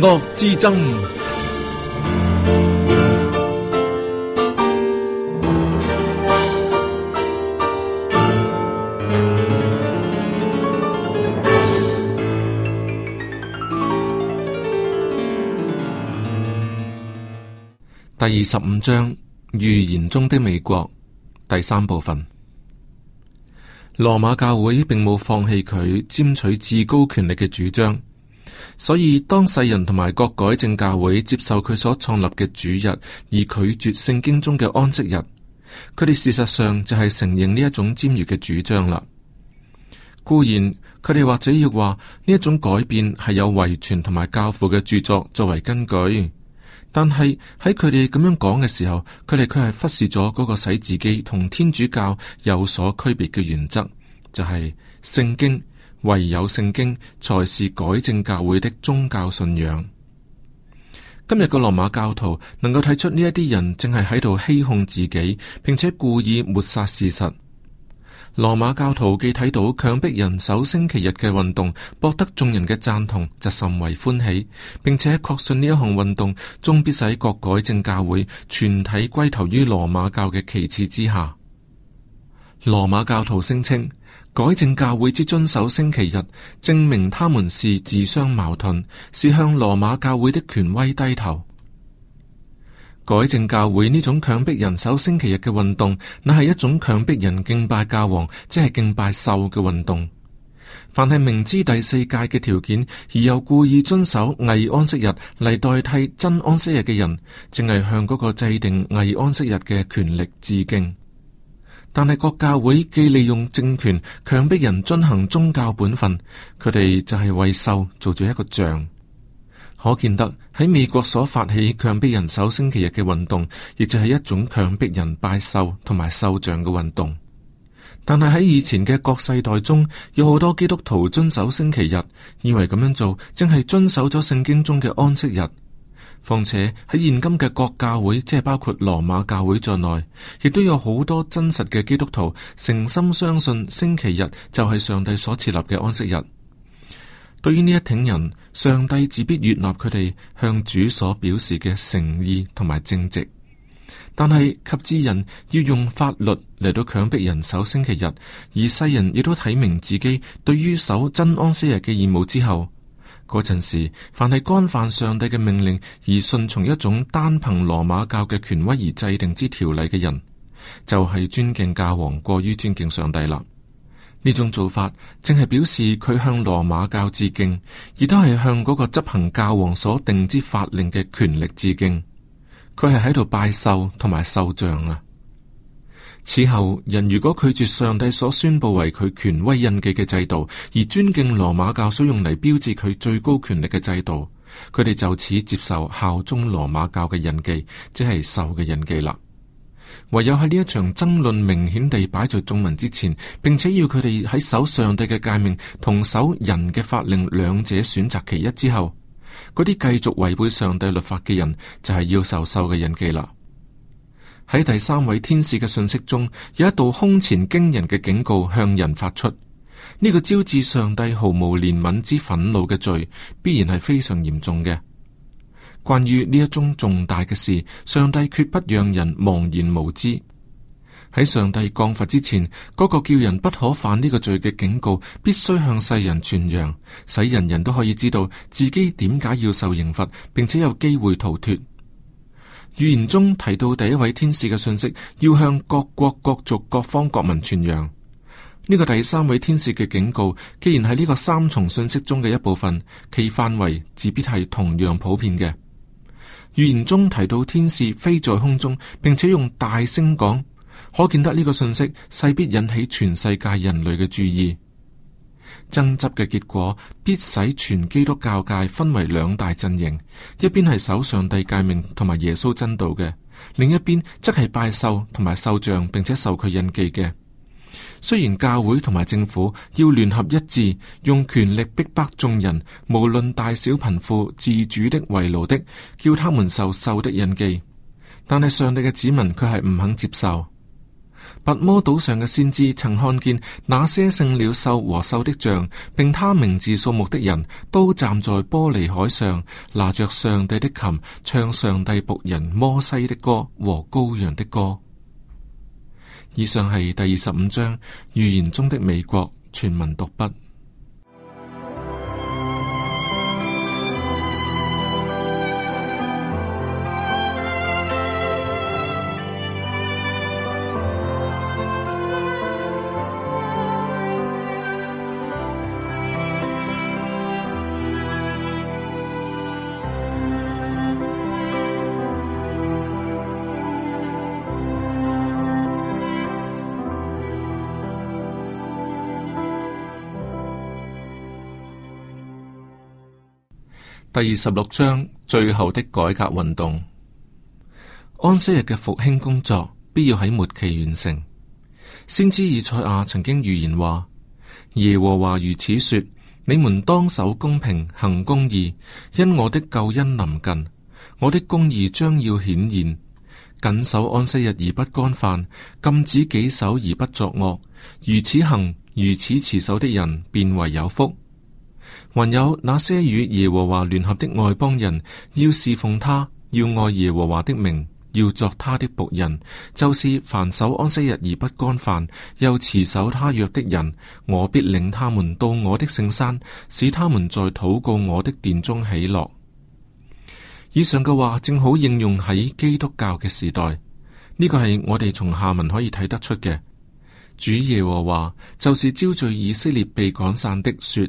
惡之爭。第二十五章，預言中的美國第三部分。羅馬教會並冇放棄佢佔取至高權力嘅主張。所以當世人同埋各改正教會接受佢所創立嘅主日，而拒絕聖經中嘅安息日，佢哋事實上就係承認呢一種尖銳嘅主張啦。固然佢哋或者要話呢一種改變係有遺傳同埋教父嘅著作作為根據，但係喺佢哋咁樣講嘅時候，佢哋卻係忽視咗嗰個使自己同天主教有所區別嘅原則，就係、是、聖經。唯有聖經才是改正教會的宗教信仰。今日個羅馬教徒能夠睇出呢一啲人正係喺度欺哄自己，並且故意抹殺事實。羅馬教徒既睇到強迫人守星期日嘅運動博得眾人嘅讚同，就甚為歡喜，並且確信呢一項運動終必使各改正教會全體歸投於羅馬教嘅旗幟之下。羅馬教徒聲稱，改正教會之遵守星期日，證明他們是自相矛盾，是向羅馬教會的權威低頭。改正教會呢種強迫人守星期日嘅運動，那係一種強迫人敬拜教皇，即係敬拜獸嘅運動。凡係明知第四誡嘅條件，而又故意遵守偽安息日嚟代替真安息日嘅人，正係向嗰個制定偽安息日嘅權力致敬。但係國教會既利用政權強迫人遵行宗教本分，佢哋就係為獸做咗一個像。可見得喺美國所發起強迫人守星期日嘅運動，亦就係一種強迫人拜獸同埋獸像嘅運動。但係喺以前嘅各世代中，有好多基督徒遵守星期日，以為咁樣做正係遵守咗聖經中嘅安息日。況且喺現今嘅各教會，即係包括羅馬教會在內，亦都有好多真實嘅基督徒，誠心相信星期日就係上帝所設立嘅安息日。對於呢一挺人，上帝自必悅納佢哋向主所表示嘅誠意同埋正直。但係及至人要用法律嚟到強逼人守星期日，而世人亦都睇明自己對於守真安息日嘅義務之後。嗰陣時，凡係干犯上帝嘅命令而順從一種單憑羅馬教嘅權威而制定之條例嘅人，就係尊敬教皇過於尊敬上帝啦。呢種做法正係表示佢向羅馬教致敬，而都係向嗰個執行教皇所定之法令嘅權力致敬。佢係喺度拜獸同埋獸像啊！此後，人如果拒絕上帝所宣布為佢權威印記嘅制度，而尊敬羅馬教所用嚟標誌佢最高權力嘅制度，佢哋就此接受效忠羅馬教嘅印記，即係獸嘅印記啦。唯有喺呢一場爭論明顯地擺在眾民之前，並且要佢哋喺守上帝嘅誡命同守人嘅法令兩者選擇其一之後，嗰啲繼續違背上帝律法嘅人就係、是、要受獸嘅印記啦。喺第三位天使嘅信息中，有一道空前驚人嘅警告向人發出。呢個招致上帝毫無憐憫之憤怒嘅罪，必然係非常嚴重嘅。關於呢一宗重大嘅事，上帝決不讓人茫然無知。喺上帝降罰之前，嗰個叫人不可犯呢個罪嘅警告，必須向世人傳揚，使人人都可以知道自己點解要受刑罰，並且有機會逃脫。預言中提到第一位天使嘅信息，要向各國各族各方國民傳揚。呢個第三位天使嘅警告，既然係呢個三重信息中嘅一部分，其範圍自必係同樣普遍嘅。預言中提到天使飛在空中，並且用大聲講，可見得呢個信息勢必引起全世界人類嘅注意。爭執嘅結果，必使全基督教界分為兩大陣營：一邊係守上帝誡命同埋耶穌真道嘅，另一邊則係拜獸同埋獸像，並且受佢印記嘅。雖然教會同埋政府要聯合一致，用權力逼迫眾人，無論大小貧富、自主的、為奴的，叫他們受獸的印記，但係上帝嘅子民佢係唔肯接受。拔摩島上嘅先知曾看見那些勝了獸和獸的像，並他名字數目的人，都站在玻璃海上，拿着上帝的琴，唱上帝僕人摩西的歌和羔羊的歌。以上係第二十五章預言中的美國全文讀畢。第二十六章最後的改革運動，安息日嘅復興工作必要喺末期完成。先知以賽亞曾經預言話：耶和華如此說，你們當守公平，行公義，因我的救恩臨近，我的公義將要顯現。謹守安息日而不干犯，禁止己手而不作惡，如此行，如此持守的人，便為有福。還有那些與耶和華聯合的外邦人，要侍奉他，要愛耶和華的名，要作他的僕人，就是凡守安息日而不干犯，又持守他約的人，我必領他們到我的聖山，使他們在禱告我的殿中喜樂。以上嘅話正好應用喺基督教嘅時代，呢個係我哋從下文可以睇得出嘅。主耶和華就是招聚以色列被趕散的，說。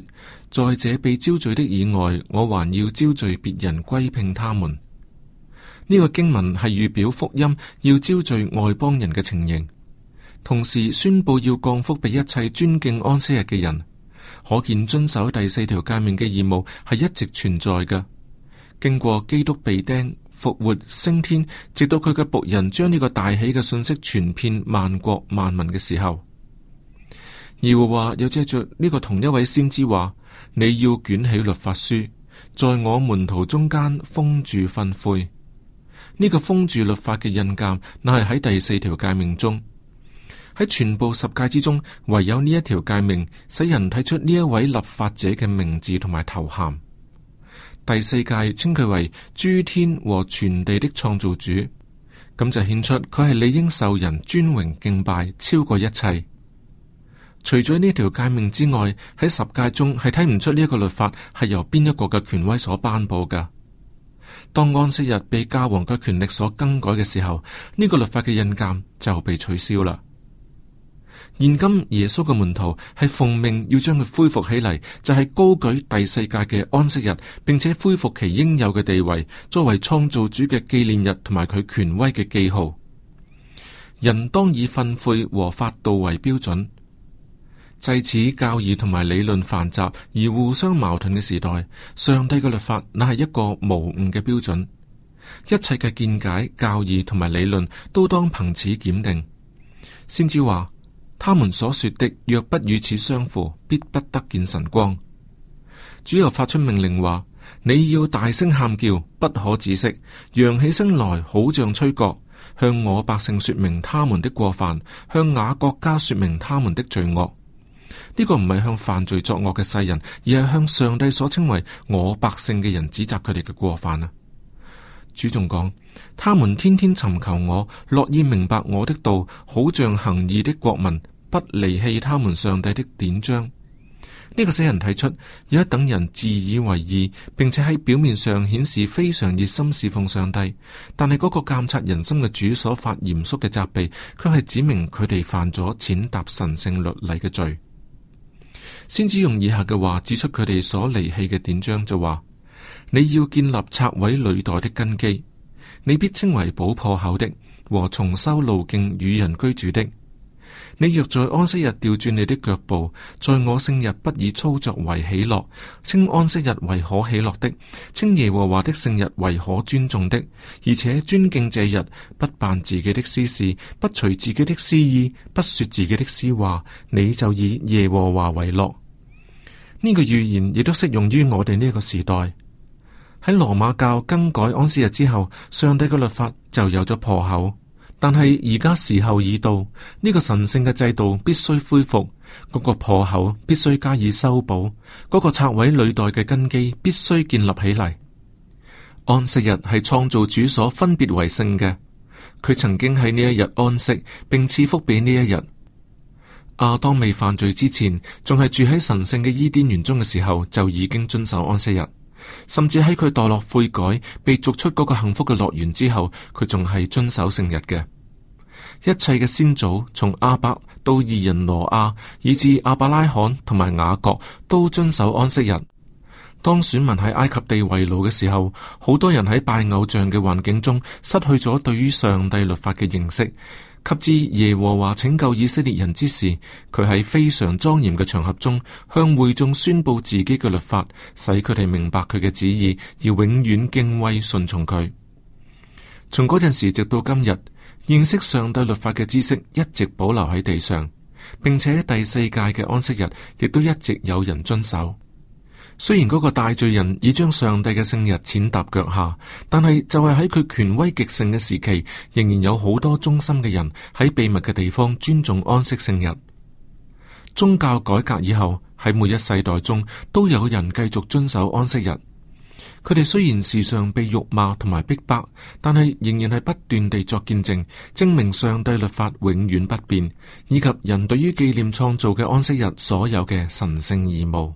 在這被招聚的以外，我還要招聚別人歸併他們。呢、這個經文係預表福音要招聚外邦人嘅情形，同時宣布要降福俾一切尊敬安息日嘅人。可見遵守第四條誡命嘅義務係一直存在嘅。經過基督被釘復活、升天，直到佢嘅僕人將呢個大喜嘅信息傳遍萬國萬民嘅時候。而和華又借着呢個同一位先知話，你要捲起律法書，在我門徒中間封住訓誨。呢、這個封住律法嘅印鑒，乃係喺第四條誡命中。喺全部十誡之中，唯有呢一條誡命使人睇出呢一位立法者嘅名字同埋頭銜。第四誡稱佢為諸天和全地的創造主，咁就顯出佢係理應受人尊榮敬拜，超過一切。除咗呢條誡命之外，喺十誡中係睇唔出呢一個律法係由邊一個嘅權威所頒布噶。當安息日被教皇嘅權力所更改嘅時候，呢、這個律法嘅印鑒就被取消啦。現今耶穌嘅門徒係奉命要將佢恢復起嚟，就係、是、高舉第四誡嘅安息日，並且恢復其應有嘅地位，作為創造主嘅紀念日同埋佢權威嘅記號。人當以訓誨和法度為標準。在此教義同埋理論繁雜而互相矛盾嘅時代，上帝嘅律法乃係一個無誤嘅標準，一切嘅見解、教義同埋理論都當憑此檢定，先知話：他們所說的若不與此相符，必不得見神光。主又發出命令話：你要大聲喊叫，不可止息，揚起聲來，好像吹角，向我百姓說明他們的過犯，向雅各家說明他們的罪惡。呢個唔係向犯罪作惡嘅世人，而係向上帝所稱為我百姓嘅人指責佢哋嘅過犯啊！主仲講，他們天天尋求我，樂意明白我的道，好像行義的國民，不離棄他們上帝的典章。呢、這個死人提出有一等人自以為義，並且喺表面上顯示非常熱心侍奉上帝，但係嗰個監察人心嘅主所發嚴肅嘅責備，卻係指明佢哋犯咗踐踏神聖律例嘅罪。先知用以下嘅話指出佢哋所離棄嘅典章，就話：你要建立拆毀歷代的根基，你必稱為補破口的和重修路徑與人居住的。你若在安息日調轉你的腳步，在我聖日不以操作為喜樂，稱安息日為可喜樂的，稱耶和華的聖日為可尊重的，而且尊敬這日，不辦自己的私事，不隨自己的私意，不說自己的私話，你就以耶和華為樂。呢個預言亦都適用於我哋呢個時代。喺羅馬教更改安息日之後，上帝嘅律法就有咗破口。但係而家時候已到，呢、這個神聖嘅制度必須恢復，嗰、那個破口必須加以修補，嗰、那個拆毀累代嘅根基必須建立起嚟。安息日係創造主所分別為聖嘅，佢曾經喺呢一日安息，並賜福俾呢一日。亞當未犯罪之前，仲係住喺神聖嘅伊甸園中嘅時候，就已經遵守安息日。甚至喺佢墮落悔改，被逐出嗰個幸福嘅樂園之後，佢仲係遵守聖日嘅。一切嘅先祖，從亞伯到義人挪亞，以至亞伯拉罕同埋雅各，都遵守安息日。當選民喺埃及地為奴嘅時候，好多人喺拜偶像嘅環境中，失去咗對於上帝律法嘅認識。及至耶和華拯救以色列人之時，佢喺非常莊嚴嘅場合中，向會眾宣佈自己嘅律法，使佢哋明白佢嘅旨意，而永遠敬畏順從、順從佢。從嗰陣時直到今日，認識上帝律法嘅知識一直保留喺地上，並且第四誡嘅安息日亦都一直有人遵守。雖然嗰個大罪人已將上帝嘅聖日踐踏腳下，但係就係喺佢權威極盛嘅時期，仍然有好多忠心嘅人喺秘密嘅地方尊重安息聖日。宗教改革以後，喺每一世代中都有人繼續遵守安息日。佢哋雖然時常被辱罵同埋逼迫，但係仍然係不斷地作見證，證明上帝律法永遠不變，以及人對於紀念創造嘅安息日所有嘅神聖義務。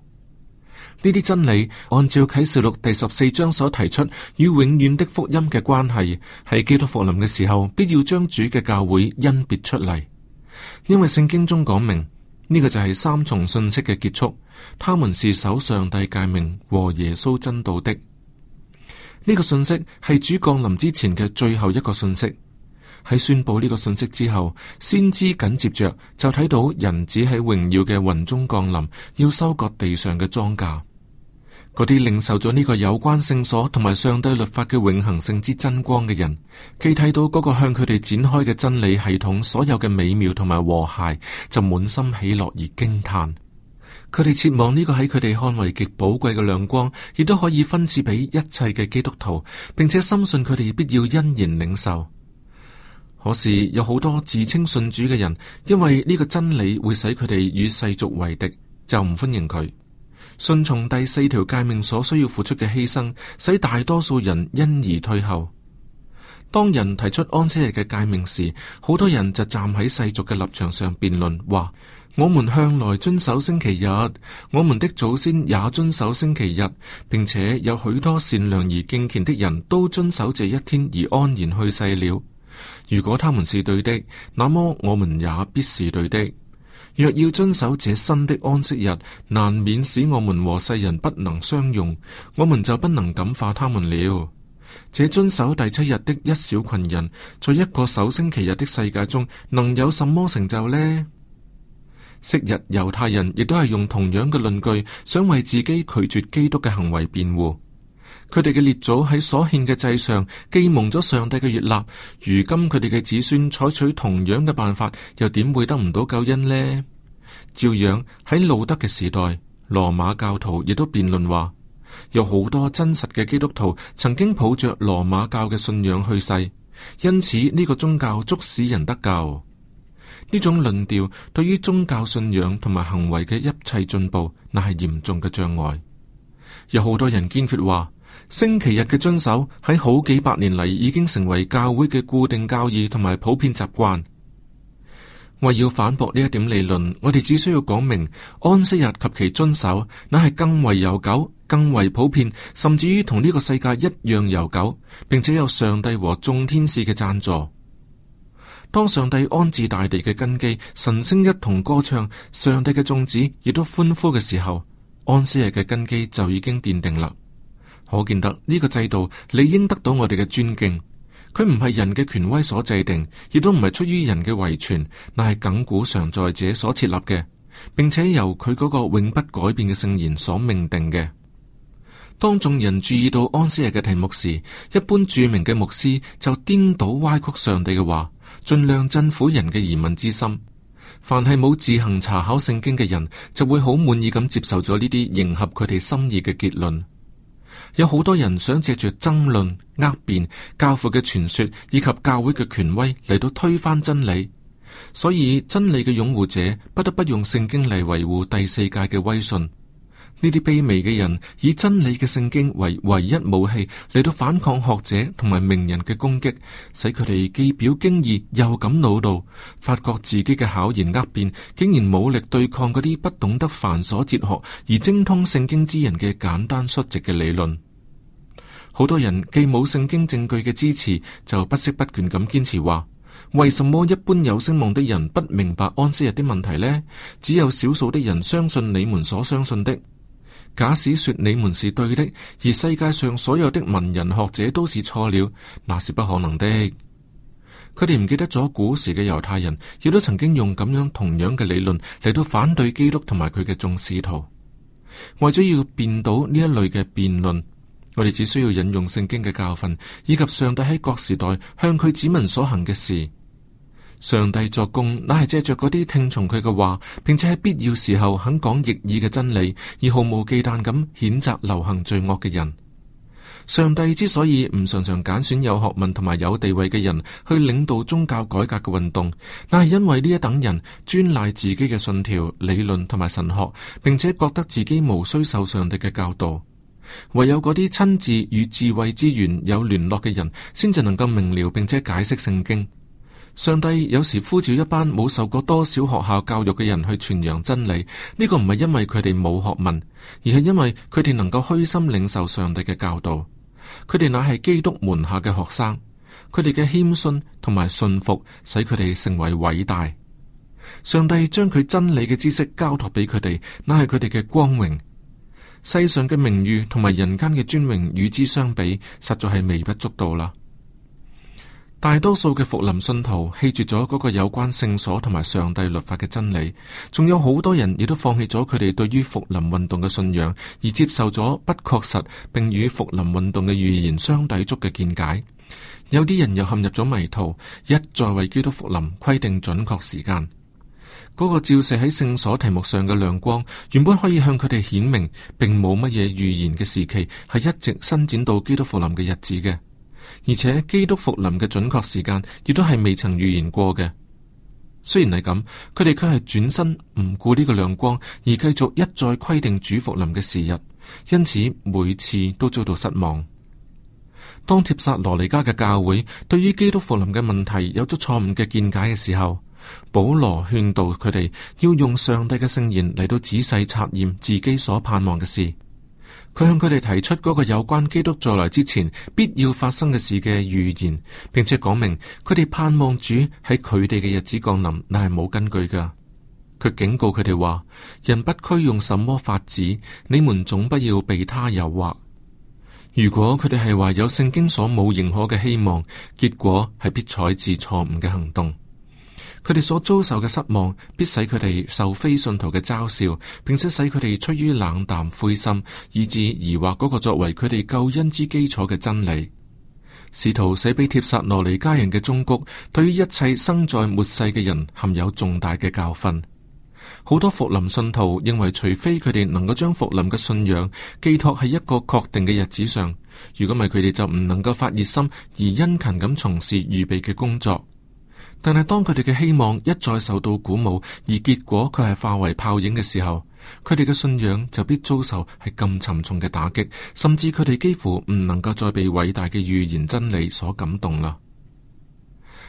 呢啲真理，按照啟示錄第十四章所提出與永遠的福音嘅關係，係基督復臨嘅時候，必要將主嘅教會甄別出嚟。因為聖經中講明呢個就係三重信息嘅結束，他們是守上帝誡命和耶穌真道的。呢個信息係主降臨之前嘅最後一個信息。喺宣布呢個信息之後，先知緊接着就睇到人子喺榮耀嘅雲中降臨，要收割地上嘅莊稼。嗰啲領受咗呢個有關聖所同埋上帝律法嘅永恒性之真光嘅人，既睇到嗰個向佢哋展開嘅真理系統所有嘅美妙同埋和諧，就滿心喜樂而驚嘆。佢哋切望呢個喺佢哋看為極寶貴嘅亮光，亦都可以分賜俾一切嘅基督徒，並且深信佢哋必要欣然領受。可是有好多自稱信主嘅人，因為呢個真理會使佢哋與世俗為敵，就唔歡迎佢。順從第四條誡命所需要付出嘅犧牲，使大多數人因而退後。當人提出安息日嘅誡命時，好多人就站喺世俗嘅立場上辯論，話：我們向來遵守星期日，我們的祖先也遵守星期日，並且有許多善良而敬虔的人都遵守這一天而安然去世了。如果他們是對的，那麼我們也必是對的。若要遵守這新的安息日，難免使我們和世人不能相容，我們就不能感化他們了。這遵守第七日的一小群人，在一個守星期日的世界中，能有什麼成就呢？昔日猶太人亦都係用同樣嘅論據，想為自己拒絕基督嘅行為辯護。佢哋嘅列祖喺所獻嘅祭上既蒙咗上帝嘅悅納，如今佢哋嘅子孫採取同樣嘅辦法，又點會得唔到救恩呢？照樣喺路德嘅時代，羅馬教徒亦都辯論話，有好多真實嘅基督徒曾經抱着羅馬教嘅信仰去世，因此呢個宗教促使人得救。呢種論調對於宗教信仰同埋行為嘅一切進步，乃係嚴重嘅障礙。有好多人堅決話，星期日嘅遵守喺好幾百年嚟，已經成為教會嘅固定教義同埋普遍習慣。為要反駁呢一點理論，我哋只需要講明安息日及其遵守，乃係更為悠久、更為普遍，甚至於同呢個世界一樣悠久，並且有上帝和眾天使嘅贊助。當上帝安置大地嘅根基，晨星一同歌唱，上帝嘅眾子亦都歡呼嘅時候，安息日嘅根基就已經奠定啦。可見得呢個制度理應得到我哋嘅尊敬。佢唔係人嘅權威所制定，亦都唔係出於人嘅遺傳，乃係亙古常在者所設立嘅，並且由佢嗰個永不改變嘅聖言所命定嘅。當眾人注意到安息日嘅題目時，一般著名嘅牧師就顛倒歪曲上帝嘅話，盡量鎮撫人嘅疑問之心。凡係冇自行查考聖經嘅人，就會好滿意咁接受咗呢啲迎合佢哋心意嘅結論。有好多人想借住爭論、呃辯、教父嘅傳說以及教會嘅權威嚟到推翻真理，所以真理嘅擁護者不得不用聖經嚟維護第四界嘅威信。呢啲卑微嘅人以真理嘅聖經為唯一武器嚟到反抗學者同埋名人嘅攻擊，使佢哋既表驚異又感惱怒，發覺自己嘅巧言惡辯竟然冇力對抗嗰啲不懂得繁瑣哲學而精通聖經之人嘅簡單率直嘅理論。好多人既冇聖經證據嘅支持，就不息不倦咁堅持話：為什麼一般有聲望的人不明白安息日的問題呢？只有少數的人相信你們所相信的。假使說你們是對的，而世界上所有的文人學者都是錯了，那是不可能的。佢哋唔記得咗古時嘅猶太人，亦都曾經用咁樣同樣嘅理論嚟到反對基督同埋佢嘅眾使徒。為咗要辯倒呢一類嘅辯論，我哋只需要引用聖經嘅教訓，以及上帝喺各時代向佢子民所行嘅事。上帝作工乃係借着嗰啲聽從佢嘅話，並且喺必要時候肯講逆耳嘅真理，而毫無忌憚咁譴責流行罪惡嘅人。上帝之所以唔常常揀選有學問同埋有地位嘅人去領導宗教改革嘅運動，乃係因為呢一等人專賴自己嘅信條、理論同埋神學，並且覺得自己無需受上帝嘅教導。唯有嗰啲親自與智慧之源有聯絡嘅人，先至能夠明了並且解釋聖經。上帝有時呼召一班冇受過多少學校教育嘅人去傳揚真理，呢個唔係因為佢哋冇學問，而係因為佢哋能夠虛心領受上帝嘅教導。佢哋乃係基督門下嘅學生，佢哋嘅謙遜同埋信服使佢哋成為偉大。上帝將佢真理嘅知識交託俾佢哋，乃係佢哋嘅光榮。世上嘅名譽同埋人間嘅尊榮與之相比，實在係微不足道啦。大多數嘅福林信徒棄絕咗嗰個有關聖所同埋上帝律法嘅真理，仲有好多人亦都放棄咗佢哋對於福林運動嘅信仰，而接受咗不確實並與福林運動嘅預言相抵觸嘅見解。有啲人又陷入咗迷途，一再為基督福林規定準確時間。嗰、那個照射喺聖所題目上嘅亮光，原本可以向佢哋顯明，並冇乜嘢預言嘅時期係一直伸展到基督復林嘅日子嘅。而且基督復臨嘅準確時間亦都係未曾預言過嘅。雖然係咁，佢哋卻係轉身唔顧呢個亮光，而繼續一再規定主復臨嘅時日，因此每次都遭到失望。當帖撒羅尼迦嘅教會對於基督復臨嘅問題有咗錯誤嘅見解嘅時候，保羅勸導佢哋要用上帝嘅聖言嚟到仔細查驗自己所盼望嘅事。佢向佢哋提出嗰個有關基督再來之前必要發生嘅事嘅預言，並且講明佢哋盼望主喺佢哋嘅日子降臨，但係冇根據噶。佢警告佢哋話：人不拘用什麼法子，你們總不要被他誘惑。如果佢哋係話有聖經所冇認可嘅希望，結果係必採自錯誤嘅行動。佢哋所遭受嘅失望，必使佢哋受非信徒嘅嘲笑，並且使佢哋出於冷淡灰心，以致疑惑嗰個作為佢哋救恩之基礎嘅真理。試圖寫俾帖撒羅尼迦人嘅忠告，對於一切生在末世嘅人，含有重大嘅教訓。好多復臨信徒認為，除非佢哋能夠將復臨嘅信仰寄託喺一個確定嘅日子上，如果唔係，佢哋就唔能夠發熱心而殷勤咁從事預備嘅工作。但係當佢哋嘅希望一再受到鼓舞，而結果佢係化為泡影嘅時候，佢哋嘅信仰就必遭受係咁沉重嘅打擊，甚至佢哋幾乎唔能夠再被偉大嘅預言真理所感動啦。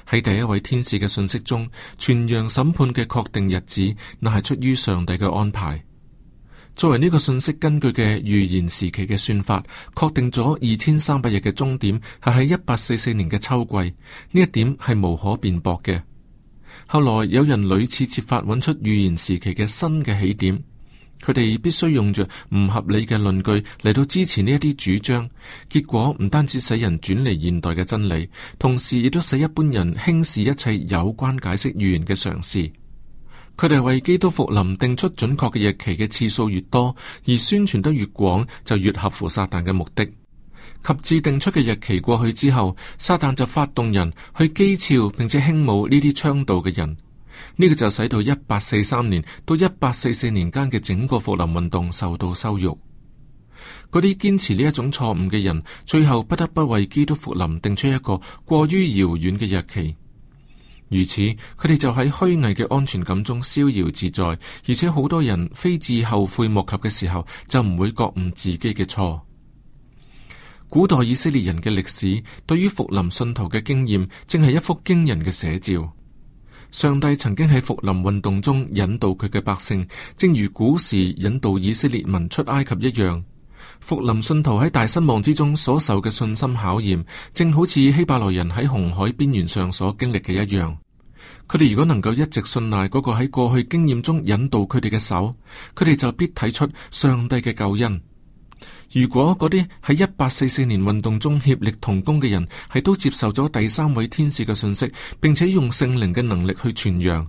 喺第一位天使嘅信息中，傳揚審判嘅確定日子，那係出於上帝嘅安排。作為呢個信息根據嘅預言時期嘅算法，確定咗二千三百日嘅終點係喺一八四四年嘅秋季，呢一點係無可辯駁嘅。後來有人屢次設法揾出預言時期嘅新嘅起點，佢哋必須用着唔合理嘅論據嚟到支持呢一啲主張，結果唔單止使人轉離現代嘅真理，同時亦都使一般人輕視一切有關解釋預言嘅嘗試。佢哋為基督復臨定出準確嘅日期嘅次數越多，而宣傳得越廣，就越合乎撒旦嘅目的。及至定出嘅日期過去之後，撒旦就發動人去譏誚並且輕侮呢啲倡導嘅人。呢個就使到一八四三年到一八四四年間嘅整個復臨運動受到羞辱。嗰啲堅持呢一種錯誤嘅人，最後不得不為基督復臨定出一個過於遙遠嘅日期。如此，佢哋就喺虛偽嘅安全感中逍遙自在，而且好多人非至後悔莫及嘅時候，就唔會覺悟自己嘅錯。古代以色列人嘅歷史，對於復臨信徒嘅經驗，正係一幅驚人嘅寫照。上帝曾經喺復臨運動中引導佢嘅百姓，正如古時引導以色列民出埃及一樣。復臨信徒喺大失望之中所受嘅信心考驗，正好似希伯來人喺紅海邊緣上所經歷嘅一樣。佢哋如果能夠一直信賴嗰個喺過去經驗中引導佢哋嘅手，佢哋就必睇出上帝嘅救恩。如果嗰啲喺一八四四年運動中協力同工嘅人係都接受咗第三位天使嘅信息，並且用聖靈嘅能力去傳揚。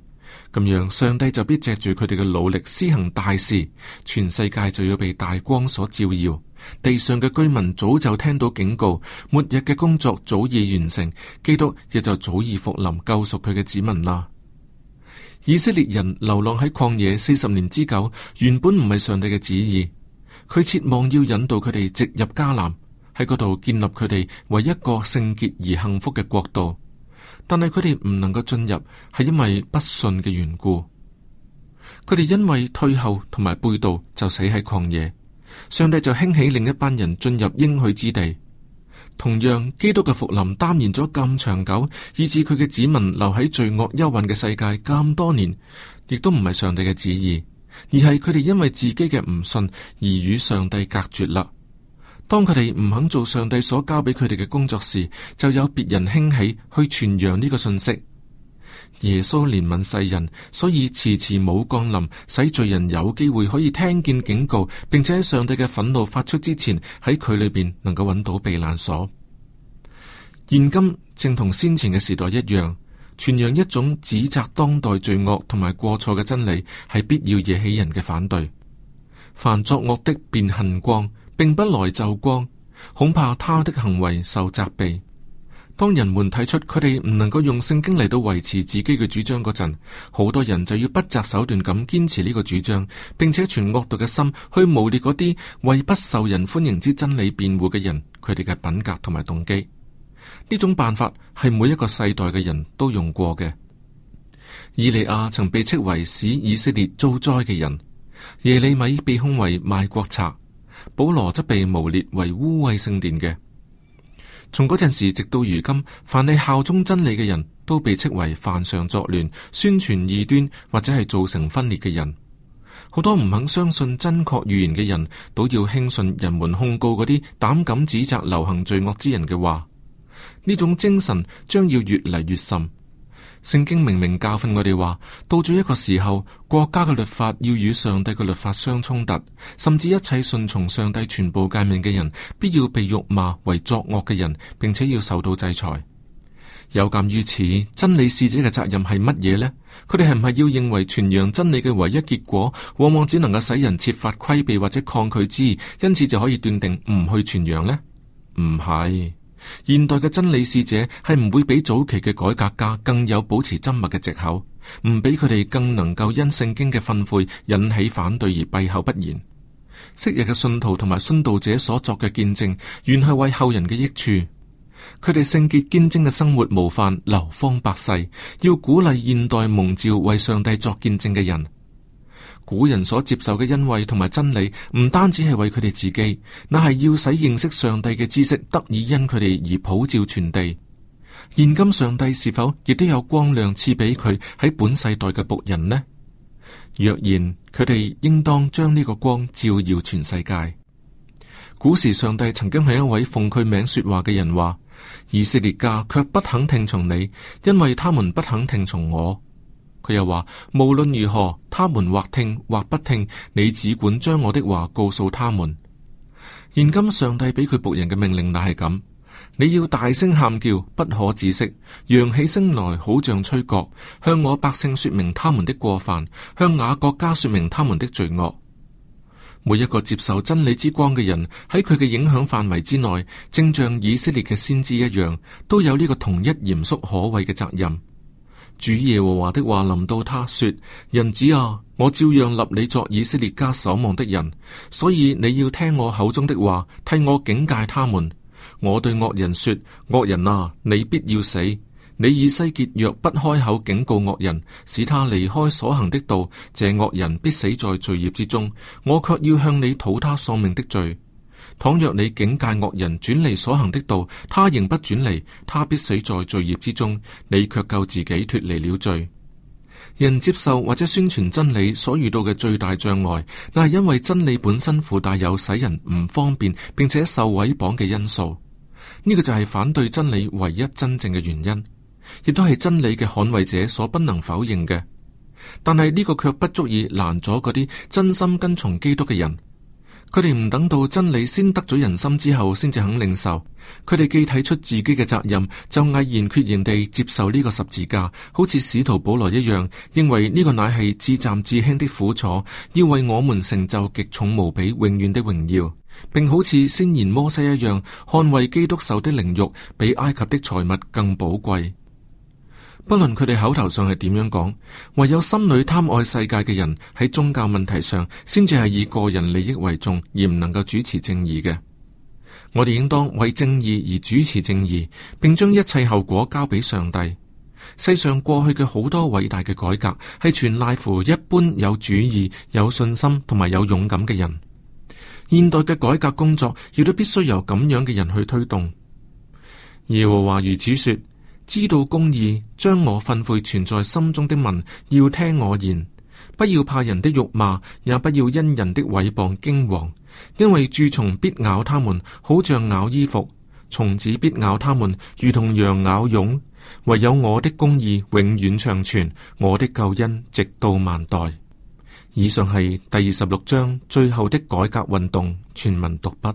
咁樣，上帝就必借住佢哋嘅努力施行大事，全世界就要被大光所照耀。地上嘅居民早就聽到警告，末日嘅工作早已完成，基督亦就早已復臨，救贖佢嘅子民啦。以色列人流浪喺曠野四十年之久，原本唔係上帝嘅旨意，佢設望要引導佢哋直入迦南，喺嗰度建立佢哋為一個聖潔而幸福嘅國度。但係佢哋唔能夠進入，係因為不信嘅緣故。佢哋因為退後同埋背道，就死喺曠野。上帝就興起另一班人進入應許之地。同樣，基督嘅復臨耽延咗咁長久，以致佢嘅子民留喺罪惡幽魂嘅世界咁多年，亦都唔係上帝嘅旨意，而係佢哋因為自己嘅唔信而與上帝隔絕啦。當佢哋唔肯做上帝所交俾佢哋嘅工作時，就有別人興起去傳揚呢個信息。耶穌憐憫世人，所以遲遲冇降臨，使罪人有機會可以聽見警告，並且喺上帝嘅憤怒發出之前，喺佢裏邊能夠揾到避難所。現今正同先前嘅時代一樣，傳揚一種指責當代罪惡同埋過錯嘅真理，係必要惹起人嘅反對。凡作惡的，便恨光。並不來就光，恐怕他的行為受責備。當人們睇出佢哋唔能夠用聖經嚟到維持自己嘅主張嗰陣，好多人就要不擇手段咁堅持呢個主張，並且存惡毒嘅心去污衊嗰啲為不受人歡迎之真理辯護嘅人，佢哋嘅品格同埋動機。呢種辦法係每一個世代嘅人都用過嘅。以利亞曾被斥為使以色列遭災嘅人，耶利米被控為賣國賊。保羅則被誣蔑為污穢聖殿嘅。從嗰陣時直到如今，凡係效忠真理嘅人都被斥為犯上作亂、宣傳異端或者係造成分裂嘅人。好多唔肯相信真確預言嘅人，都要輕信人們控告嗰啲膽敢指責流行罪惡之人嘅話。呢種精神將要越嚟越甚。聖經明明教訓我哋話，到咗一個時候，國家嘅律法要與上帝嘅律法相衝突，甚至一切順從上帝全部誡命嘅人，必要被辱罵為作惡嘅人，並且要受到制裁。有鑒於此，真理使者嘅責任係乜嘢呢？佢哋係唔係要認為傳揚真理嘅唯一結果，往往只能夠使人設法規避或者抗拒之，因此就可以斷定唔去傳揚呢？唔係。現代嘅真理使者係唔會比早期嘅改革家更有保持緘默嘅借口，唔比佢哋更能夠因聖經嘅訓誨引起反對而閉口不言。昔日嘅信徒同埋殉道者所作嘅見證，原係為後人嘅益處。佢哋聖潔堅貞嘅生活模範流芳百世，要鼓勵現代蒙召為上帝作見證嘅人。古人所接受嘅恩惠同埋真理，唔單止係為佢哋自己，那係要使認識上帝嘅知識得以因佢哋而普照全地。現今上帝是否亦都有光亮賜俾佢喺本世代嘅僕人呢？若然佢哋應當將呢個光照耀全世界。古時上帝曾經係一位奉佢名說話嘅人話，以色列家卻不肯聽從你，因為他們不肯聽從我。佢又話：無論如何，他們或聽或不聽，你只管將我的話告訴他們。現今上帝俾佢僕人嘅命令，乃係咁，你要大聲喊叫，不可止息，揚起聲來，好像吹角，向我百姓說明他們的過犯，向雅各家說明他們的罪惡。每一個接受真理之光嘅人，喺佢嘅影響範圍之內，正像以色列嘅先知一樣，都有呢個同一嚴肅可畏嘅責任。主耶和華的話臨到他說：人子啊，我照樣立你作以色列家守望的人，所以你要聽我口中的話，替我警戒他們。我對惡人說：惡人啊，你必要死。你以西結若不開口警告惡人，使他離開所行的道，這惡人必死在罪孽之中。我卻要向你討他喪命的罪。倘若你警戒惡人轉離所行的道，他仍不轉離，他必死在罪孽之中。你卻救自己脫離了罪。人接受或者宣傳真理所遇到嘅最大障礙，那係因為真理本身附帶有使人唔方便並且受捆綁嘅因素。呢個就係反對真理唯一真正嘅原因，亦都係真理嘅捍衛者所不能否認嘅。但係呢個卻不足以攔阻嗰啲真心跟從基督嘅人。佢哋唔等到真理先得咗人心之後，先至肯領受。佢哋既睇出自己嘅責任，就毅然決然地接受呢個十字架，好似使徒保羅一樣，認為呢個乃係至暫至輕的苦楚，要為我們成就極重無比永遠的榮耀，並好似先賢摩西一樣，捍衛基督受的凌辱比埃及的財物更寶貴。不論佢哋口頭上係點樣講，唯有心裏貪愛世界嘅人喺宗教問題上，先至係以個人利益為重，而唔能夠主持正義嘅。我哋應當為正義而主持正義，並將一切後果交俾上帝。世上過去嘅好多偉大嘅改革，係全賴乎一般有主意、有信心同埋有勇敢嘅人。現代嘅改革工作，亦都必須由咁樣嘅人去推動。耶和華如此說。知道公義，將我訓誨存在心中的民，要聽我言，不要怕人的辱罵，也不要因人的毀謗驚惶，因為蛀蟲必咬他們，好像咬衣服；蟲子必咬他們，如同羊咬絨。唯有我的公義永遠長存，我的救恩直到萬代。以上係第二十六章最後的改革運動全文讀畢。